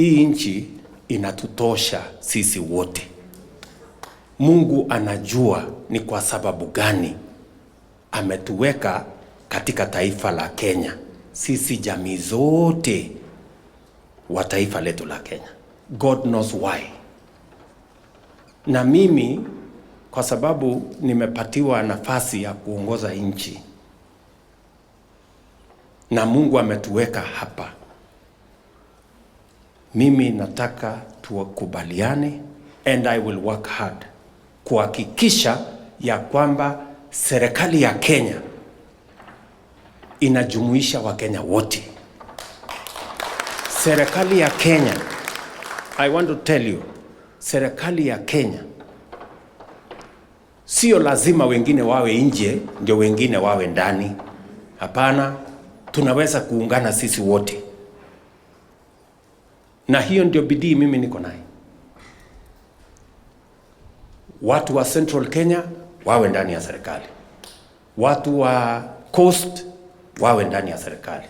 hii nchi inatutosha sisi wote. Mungu anajua ni kwa sababu gani ametuweka katika taifa la Kenya, sisi jamii zote wa taifa letu la Kenya. God knows why. Na mimi kwa sababu nimepatiwa nafasi ya kuongoza nchi na Mungu ametuweka hapa mimi nataka tuwakubaliane and I will work hard kuhakikisha ya kwamba serikali ya Kenya inajumuisha Wakenya wote. Serikali ya Kenya, I want to tell you, serikali ya Kenya sio lazima wengine wawe nje ndio wengine wawe ndani. Hapana, tunaweza kuungana sisi wote na hiyo ndio bidii mimi niko naye. Watu wa Central Kenya wawe ndani ya serikali, watu wa Coast wawe ndani ya serikali,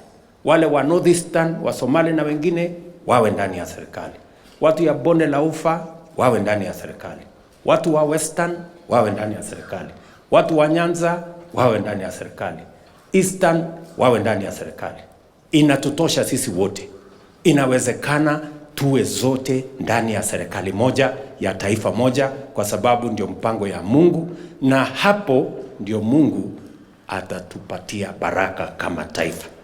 wale wa Northeastern wa Somali na wengine wawe ndani ya serikali, watu ya bonde la ufa wawe ndani ya serikali, watu wa Western wawe ndani ya serikali, watu wa Nyanza wawe ndani ya serikali, Eastern wawe ndani ya serikali. Inatutosha sisi wote, inawezekana tuwe zote ndani ya serikali moja ya taifa moja, kwa sababu ndio mpango ya Mungu, na hapo ndio Mungu atatupatia baraka kama taifa.